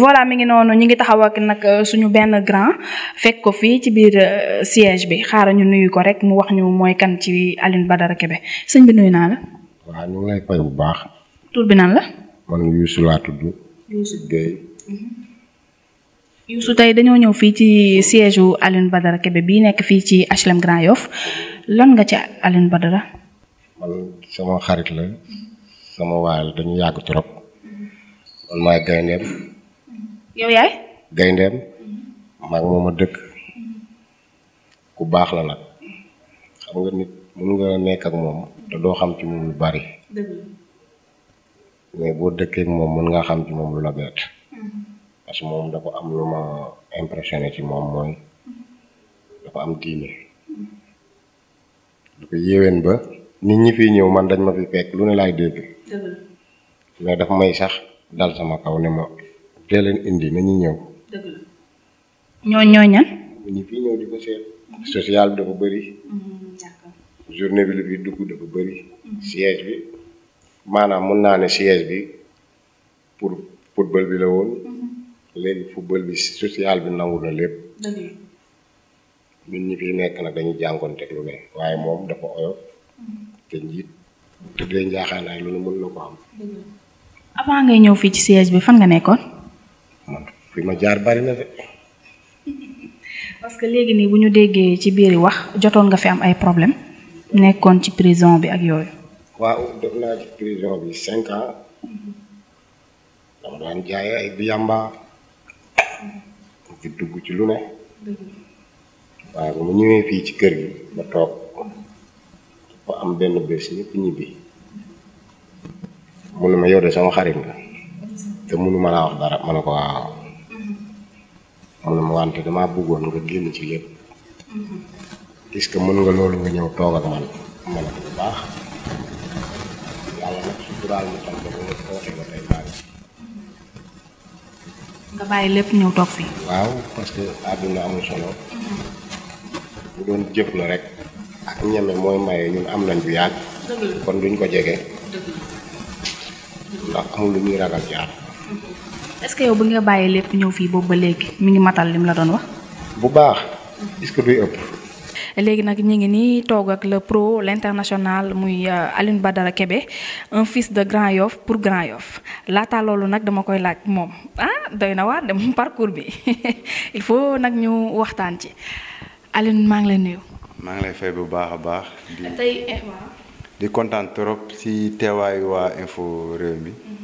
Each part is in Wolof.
voilà mi ngi noonu ñu ngi taxaw ak nag euh, suñu benn grand fekk ko fii ci biir euh, siège bi xaaral ñu nuyu ko rek mu wax ñu mooy kan ci Alioune Badara Kébé sëñ bi nuyu naa la. waaw ñu ngi lay bu baax. tur bi nan la. man Youssou laa mm-hmm. tey dañoo ñëw fii ci siège u Alioune Badara bii nekk fii ci HLM Grand lan nga ci Alioune Badara. xarit la. sama waay la dañu yàgg trop. man maay gaynde yow yaay. gayndeem maag moom a dëkk ku baax la nag xam nga nit mun nga nekk ak moom te doo xam ci moom lu bari mais boo dëkkee ak moom mun nga xam ci moom lu la bett mm-hmm. parce que dafa am lu ma impressionné ci moom mooy mm-hmm. dafa am diine mm-hmm. dafa yéwén ba nit ñi fi ñëw man dañ ma fi fekk lu ne laay dégg mais may sax dal sama kaw ne ma dee leen indi nañu ñëw. dëgg la social bi dafa bëri. Mm-hmm, journée bi dugg dafa bëri. Mm-hmm. siège bi maanaam mën naa ne siège bi pour football bi la woon. Mm-hmm. léegi football bi social bi nangu na lépp. ñun ñi nekk nag dañuy jànkoonteeg lu ne waaye moom dafa oyof te njiit te dee njaaxaanaay lu ne mën ko am. avant ngay ñëw fii ci siège bi fan nga nekkoon. man fi ma jaar bari na de. parce que léegi nii bu ñu déggee ci biir wax jotoon nga fi am ay problème nekkoon ci prison bi ak yooyu. waaw def naa ci prison bi cinq ans dama daan jaay ay biyamba di dugg ci lu ne. waaye ba mu ñëwee fii ci kër gi ma toog ba am benn bés ñëpp ñibbi mu ne ma yow de sama xarit nga. te mënuma laa wax dara ma ne ko waaw mu ne ma wante damaa buggoon nga génn ci lépp est-ce mën nga loolu nga ñëw toog ak man ma ne ko bu baax yàlla nag suturaal ma tam ba ma toogee ba tey baax nga bàyyi lépp ñëw toog fi waaw parce que àdduna amul solo bu doon jëf la rek ak ñeme mooy maye ñun am nañ bu yàgg kon duñ ko jege ndax amul lu ñuy ragal jaar est-ce yow bi nga bàyyi lépp ñëw fii boobu ba léegi mu ngi matal lim la doon wax. bu baax. est-ce duy ëpp. léegi nag ñu ngi nii toog ak le pro l'international muy ba euh, Badara Kébé un fils de Grand Yoff pour Grand Yoff laata loolu nag dama koy laaj moom ah doy na waar dem parcours bi il faut nag ñu waxtaan ci Alioune maa ngi lay nuyu. maa ngi lay fay bu baax a baax. di eh, kontaan trop si teewaayu waa info réew mi. Mhm.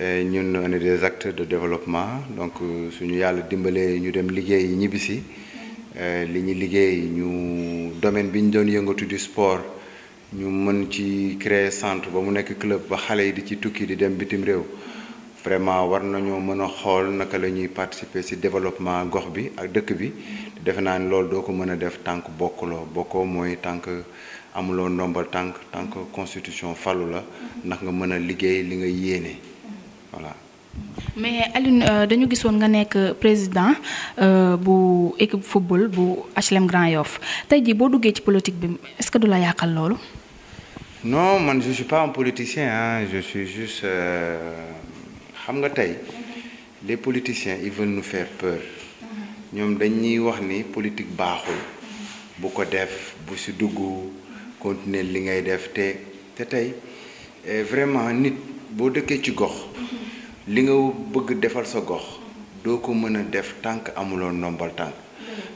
ñun ne est des acteurs de développement donc euh, suñu yàlla dimbalee ñu dem liggéey ñibbisi li ñu liggéey ñu domaine bi ñu doon yëngatu di sport ñu mën ci créer centre ba mu nekk club ba xale yi di ci tukki di dem bitim réew vraiment war nañoo mën a xool naka la ñuy participer ci développement gox bi ak dëkk bi defe naa ni loolu doo ko mën a def tànk bokkuloo bokkoo mooy tànk amuloo ndombal tànk tànk constitution falu la ndax nga mën a liggéey li nga yéene. voilà. mais Alioune euh, dañu gisoon nga le président euh, bu équipe football bu HLM Grand Yoff tey jii boo ci politique est-ce que du la yàqal ça non man je suis pas un politicien hein je suis juste euh, xam nga les politiciens ils veulent nous faire peur ñoom dañuy wax ni politique ne bu ko def bu si dugg continuer li ngay def te te aujourd'hui, eh, vraiment nit boo dëkkee ci politique li nga bëgg defal sa gox doo ko mën a def tànk amuloo ndombal tànk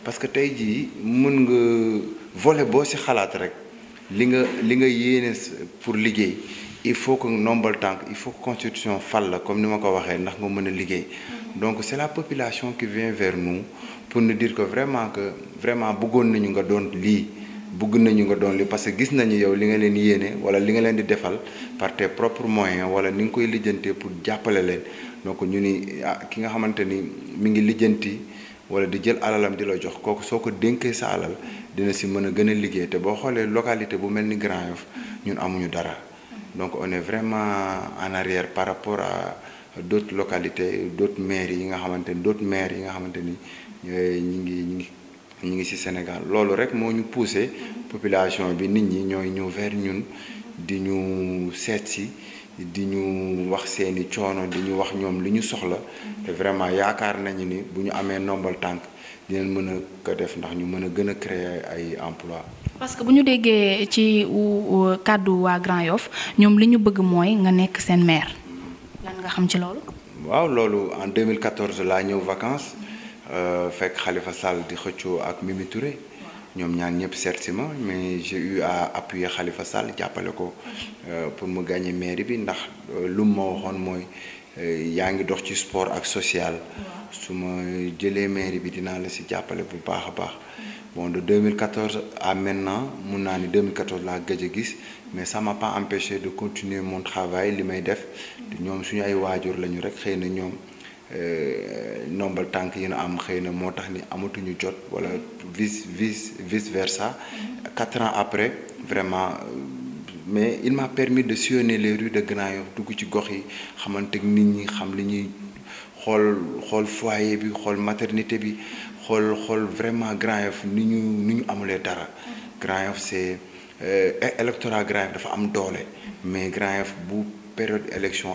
parce que tey jii mën nga volet boo ci xalaat rek li nga li nga yéene pour liggéey il faut que ndombal tànk il faut que constitution fal la comme ni ma ko waxee ndax nga mën a liggéey donc c'est la population qui vient vers nous pour nous dire que vraiment que vraiment bëggoon nañu nga doon lii bëgg nañu nga doon li parce que gis nañu yow li nga leen yéene wala li nga leen di defal par tes propres moyens wala ni nga koy lijjantee pour jàppale leen donc ñu ni ah, ki nga xamante ni mi ngi lijjanti wala di jël alalam di la jox kooku soo ko dénkee sa alal dina si mën a gën a liggéey te boo xoolee localité bu mel ni Grand Yoff ñun amuñu dara donc on est vraiment en arrière par rapport à d'autres localités d'autres maires yi nga xamante ni d'autres maires yi nga xamante ni ñu ngi ñu ngi. ñu ngi ci Sénégal loolu rek moo ñu poussé population bi nit ñi ñooy ñëw vers ñun di ñu seet si di ñu wax seeni coono di ñu wax ñoom li ñu soxla te vraiment yaakaar nañu ni bu ñu amee nombal tànk dinañ mën a ko def ndax ñu mën a gën a créer ay emploi parce que bu ñu déggee ci kàddu waa Grand Yoff ñoom li ñu bëgg mooy nga nekk seen maire lan nga xam ci loolu waaw loolu en 2014 laa ñëw vacances Euh, fait Khalifa Sall di xëccoo ak Mimi Touré ñom ñaan ñëpp seet mais j'ai eu à appuyer Khalifa Sall jappalé ko euh, pour me gagner mairie bi ndax euh, lu ma waxoon mooy yaa dox ci sport ak social suma jëlé mairie bi dina la ci jappalé bu baax baax bon de 2014 à maintenant mon année ni 2014 la gëj gis mais ça m'a pas empêché de continuer mon travail li may def ñom suñu ay wajur lañu rek xëy na euh, nombre tank, vice vice vice versa mhm. quatre ans après vraiment euh, mais il m'a permis de sillonner les rues de Grand Yoff bi maternité bi vraiment Grand Yoff ni ñu mhm. Grand c'est euh, électorat Grand mhm. mais période élection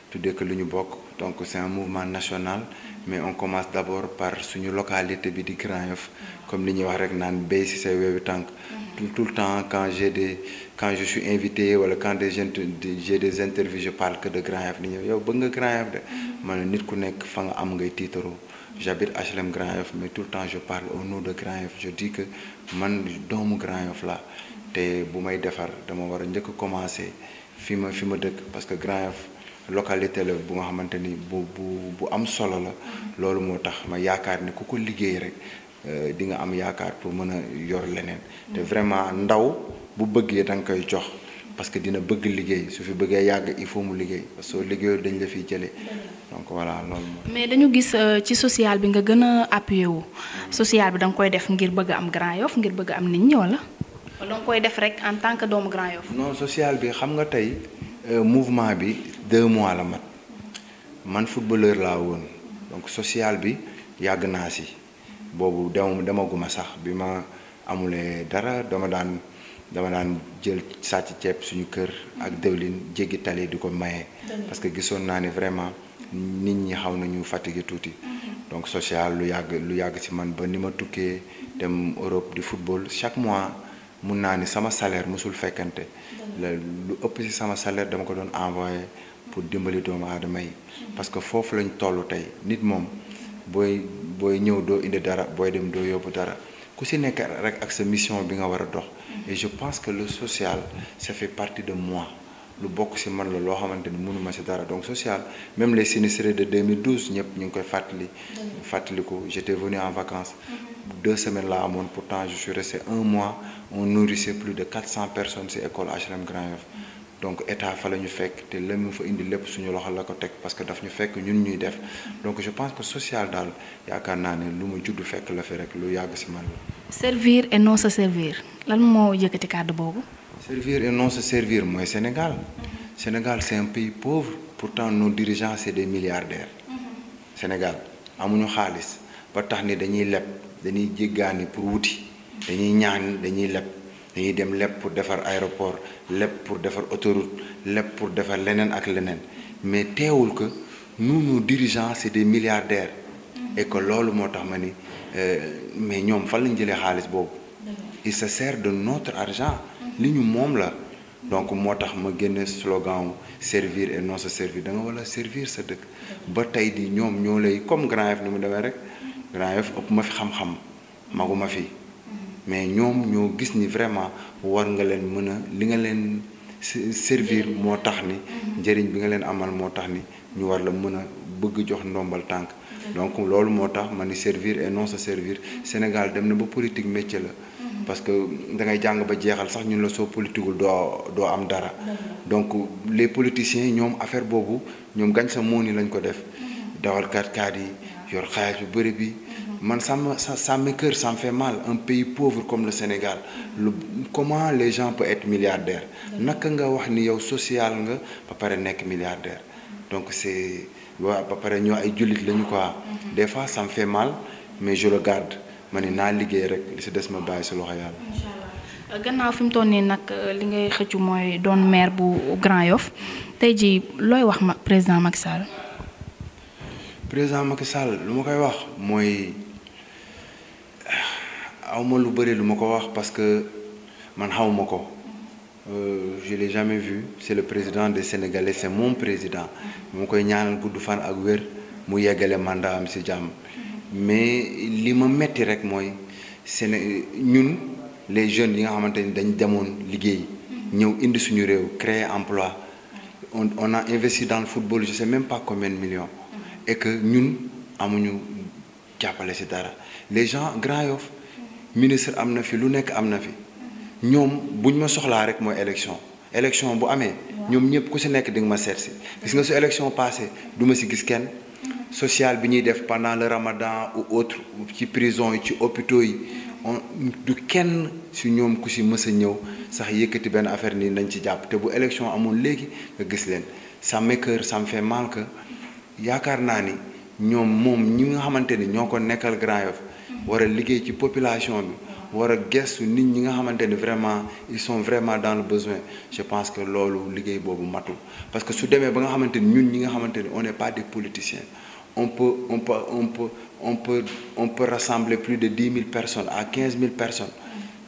tout que lu bokk donc c'est un mouvement national mais on commence d'abord par suñu localité bi di Grand Yoff comme li wax rek nan béy ci say tout le temps quand j'ai des quand je suis invité wala quand des jeunes j'ai des interviews je parle que de Grand Yoff di yow bëgg nga Grand Yoff de man ne nit ku nekk fa nga am ngay tiitaroo j'habite HLM Grand Yoff mais tout le temps je parle au nom de Grand Yoff je dis que man doomu Grand Yoff la te bu may défar dama wara a commencer fi ma fi ma dëkk parce que Grand Yoff localité la bu nga xamante ni bu bu bu am solo la loolu moo tax ma yaakaar ni ku ko liggéey rek euh, di nga am yaakaar pour mën a yor leneen te vraiment ndaw bu bëggee da nga koy jox parce que dina bëgg liggéey su fi bëggee yàgg il faut mu liggéey parce que soo liggéeyul dañ la fiy jëlee donc voilà loolu mais dañu gis euh, ci social bi nga gën a appuyé wu social bi danga koy def ngir bëgg am Grand Yoff ngir bëgg am nit ñi wala wala koy def rek en tant que doomu Grand Yoff non social bi xam nga tey euh, mouvement bi deux mois la mat man footballeur la won donc social bi yag na ci bobu dem guma sax bima amulé dara dama dan dama dan jël sacc ceeb suñu kër ak dëwlin djéggi talé diko mayé parce que gissone na ne vraiment nit ñi xaw nañu fatigué touti mhm. donc social lu yag lu yag ci man ba nima tuké dem Europe di football chaque mois mun naa ni sama salaire musul fekante lu ëpp ci sama salaire dama ko don envoyer pour dimbali doomu aadama yi parce que fofu lañ toll tay nit mom boy boy ñëw do indi dara boy dem do yóbbu dara ku si nekk rek ak sa mission bi nga wara dox et je pense que le social ça fait partie de moi lu bokk ci man la lo xamanteni ni mënuma ci dara donc social même les sinistrés de 2012 ñep ñu ngi koy fatali fàttaliku j'étais venu en vacances deux semaines là amone pourtant je suis resté un mois on nourrissait plus de 400 personnes si école HLM Grand Yoff donc état fa lañu fekk té la fa indi lépp suñu loxo la ko teg parce que daf ñu fekk ñun ñuy def donc je pense que social dal yaakaar naa ne lu mu judd fekk la fi rek lu yàgg si man servir et non se servir lan moo yëkkati kàddu boobu. servir et non se servir mooy Sénégal Sénégal c'est un pays pauvre pourtant nos dirigeants c'est des milliardaires. Sénégal amuñu xaalis ba tax ni dañuy leb dañuy jéggaani pour wuti dañuy ñaan dañuy leb dañuy dem lépp pour defar aéroport lépp pour defar autoroute lépp pour defar leneen ak leneen mais teewul que nous nos dirigeants c'est des milliardaires et que loolu moo tax ma ni euh, mais ñoom fan lañ jëlee xaalis boobu il se sert de notre argent li ñu moom la donc moo tax ma génne slogan servir et non se servir da nga wala servir sa dëkk ba tey di ñoom ñoo lay comme Grand Yoff ni mu demee rek Grand Yoff ëpp ma fi xam-xam maguma fi mais ñoom ñoo gis ni vraiment war nga leen mën a li nga leen servir moo tax ni njëriñ bi nga leen amal moo tax ni ñu war la mën a bëgg jox ndombal tànk donc loolu moo tax ma ni servir et non se servir mm-hmm. Sénégal dem na ba politique métier la mm-hmm. parce que da ngay jàng ba jeexal sax ñun la soo politique doo doo am dara donc les politiciens ñoom affaire boobu ñoom gañ sa moon yi lañ ko def mm-hmm. dawalkat kaat yi yor xaalis bu bëri bi man ça me ça, ça ça me fait mal un pays pauvre comme le Sénégal comment les gens peuvent être milliardaires naka nga wax ni yow social nga ba pare nek milliardaire donc c'est waaw ba pare ñoo ay julit lañu quoi des fois ça me fait mal mais je le garde ma ne naa rek li des ma bàyyi ci loxo yàlla. gannaaw fi mu toll nii euh, li ngay xëccu moy don maire bu Grand Yoff tey jii looy wax ma président Macky Sall. président Macky Sall lu ma koy wax moy je ma lu bëri wax parce que man xaw ma euh, je l'ai jamais vu c'est le président des Sénégalais c'est mon président mu koy ñaanal gudd fan ak wér mu le mandat am si jàmm mais li ma metti rek c'est que ñun les jeunes yi nga xamante ni dañ demoon des indi suñu créer emploi on on a investi dans le football je sais même pas combien de millions et que ñun amuñu jàppale si dara les gens Grand Yoff ministre amnafi, l'une fi lu nek amna fi ñom buñ ma soxla rek moy élection élection bu amé ñom ñëpp ku si nekk ma sersi. C'est gis nga su élection passé duma ci si gis kenn mm-hmm. social bi ñuy def pendant le ramadan ou autre ci prison yi ci hôpitaux yi on du kenn si ñoom ku si mës a ñëw sax yëkëti ben affaire ni nañ ci japp té bu élection amoon légui nga gis leen ça cœur ça me fait mal que yaakaar ni ñom mom ñi nga xamanteni ñoko nekkal Grand Yoff wara a ci population bi war a nit ñi nga xamanteni vraiment ils sont vraiment dans le besoin je pense que lolu liggéey bobu matul parce que su demee ba nga xamanteni ñun ñi nga xamanteni on n'est pas des politiciens on peut on peut on peut on peut on peut rassembler plus de dix mille personnes à quinze mille personnes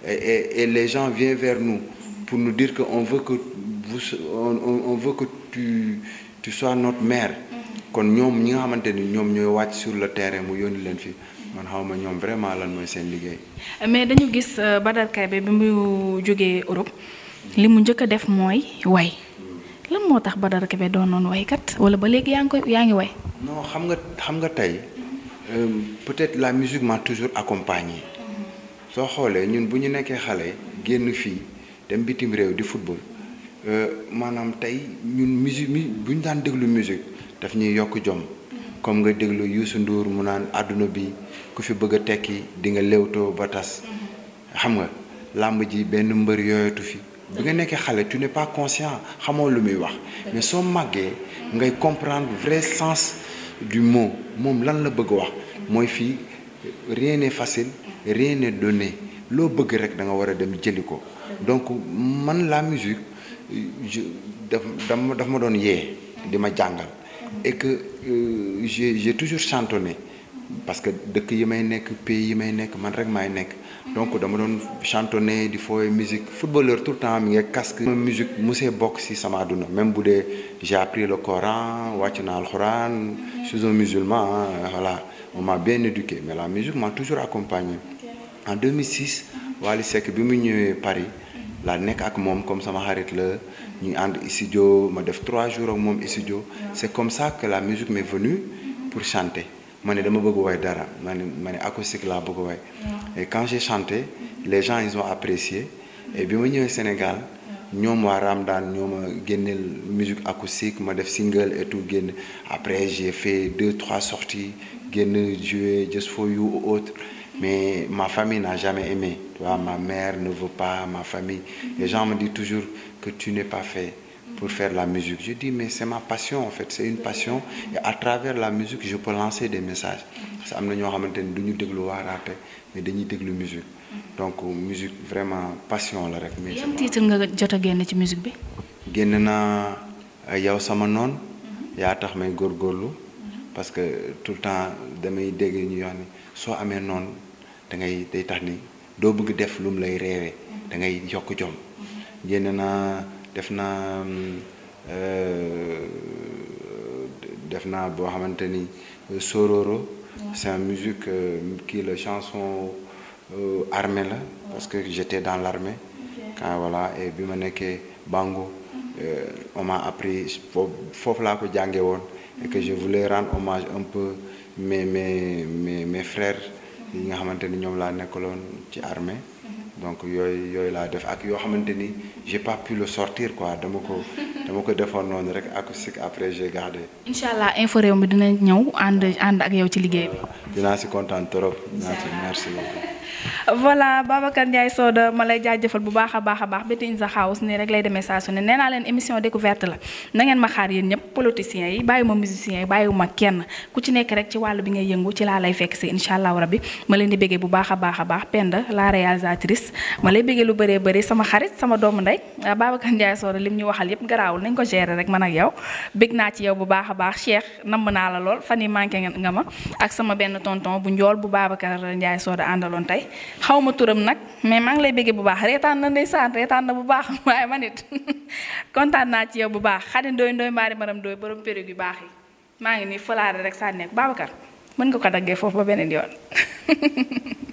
et, et, et les gens viennent vers nous pour nous dire que on veut que vous on, on veut que tu tu sois notre maire mm-hmm. kon ñom ñi nga xamanteni ñom ñoy wacc sur le terrain mu yoni len fi man xaw ma ñoom vraiment lan mooy seen liggéey. mais dañu gis euh, Badara Kebe bi mu jógee Europe li mu njëkk a def mooy way lan moo tax Badara Kebe doon noonu waykat wala ba léegi yaa ngi koy yaa ngi way. non xam nga xam nga tey euh, peut-être la musique m'a toujours accompagné soo xoolee ñun bu ñu nekkee xale génn fii dem bitim réew di football euh, maanaam tey ñun musique mi bu ñu daan déglu musique daf ñuy yokk jomm comme nga déglu Youssou Ndour mu naan àdduna bi ku fi bëgg a tekki di nga numéro ba tas xam nga lamb ji benn mbër yooyatu fi bi nga nekkee xale tu n'es pas conscient xamoo lu muy wax mais soo màggee ngay comprendre vrai sens du mot moom lan la bëgg wax mooy fii rien n'est facile rien n'est donné loo bëgg rek da nga war a dem jëli donc man la musique je daf daf ma doon yee di ma jàngal et que euh, j'ai toujours chantonné parce que que je may que pays je may nekk man rek maay donc dama doon chantonné faut la musique footballeur tout le temps des casques. casque musique musée bokk si ma donné. même si j'ai appris le Coran wàcc le Coran, je suis un musulman hein, voilà on m'a bien éduqué mais la musique m'a toujours accompagné en 2006 je suis allé à Paris la nek ak Paris, comme sama xarit là ñu ànd ma def trois jours au moom studio c'est comme ça que la musique m'est venue pour chanter mané dama bëgg way dara mané mané acoustique la bëgg way et quand j'ai chanté les gens ils ont apprécié et bi ma ñëwee Sénégal ñom wa Ramdan ñoma ma musique acoustique ma def single et tout génn après j'ai fait deux trois sorties génn jouer Just For You ou autre mais ma famille n'a jamais aimé. Tu ma mère ne veut pas, ma famille. Les gens me disent toujours que tu n'es pas fait pour faire la musique. Je dis, mais c'est ma passion en fait, c'est une passion. Et à travers la musique, je peux lancer des messages. Parce que nous avons des mais des musique. Donc, musique, vraiment, passion. Là, mais Quel titre tu as gagné la musique J'ai gagné euh, sama non, yaa tax may góorgóorlu parce que tout le temps damay dégg ñu yoon ni soo amee noonu da ngay day tax ni doo bëgg def lu lay reewee da ngay yokk jom génn naa def naa euh, def naa boo xamante ni Sororo c'est une musique kii euh, la chanson euh, armée la parce que j'étais dans l'armée quand voilà et bi ma nekkee Bango on m'a appris foofu laa ko jànge woon et que je voulais rendre hommage un peu mes mes mes mes frères yi nga xamante ni ñoom laa nekkaloon ci armée mhm. donc yooyu yooyu laa def ak yoo xamante ni j'ai pas pu le sortir quoi dama ko dama ko defoon noonu rek acoustique après j'ai gardé. incha allah info réew mi dina ñëw ànd ànd ak yow ci liggéey bi. dinaa si content trop. dinaa si merci beaucoup. voilà Babacar Ndiaye Soda ma lay jaajëfal bu baax a baax a baax Betty in the house nii rek lay demee saa su ne neenaa leen émission découverte la na ngeen ma xaar yéen ñëpp politiciens yi bàyyiwuma musiciens yi ma kenn ku ci nekk rek ci wàllu bi ngay yëngu ci laa lay fekk si incha allah rabbi ma leen di bëggee bu baax a baax a baax Penda la réalisatrice ma lay bëggee lu bëree bëri sama xarit sama doomu ndey ah, Babacar Ndiaye Soda lim ñu waxal yëpp garaawul nañ ko gérer rek man ak yow bëgg naa ci yow bu a baax Cheikh namm naa la lool fan yi manqué nga ma ak sama benn tonton bu njool bu Babacar Ndiaye Soda àndaloon tey xaw ma turam nag mais maa lay béggee bu baax reetaan na ndeysaan reetaan na bu baax waaye ma it kontaan naa ci yow bu baax xadi ndooy ndooy mbaari maram ndooy borom périg yu baax yi maa ngi nii fëlaare rek sànneeku Babacar mën nga ko daggee foofu ba beneen yoon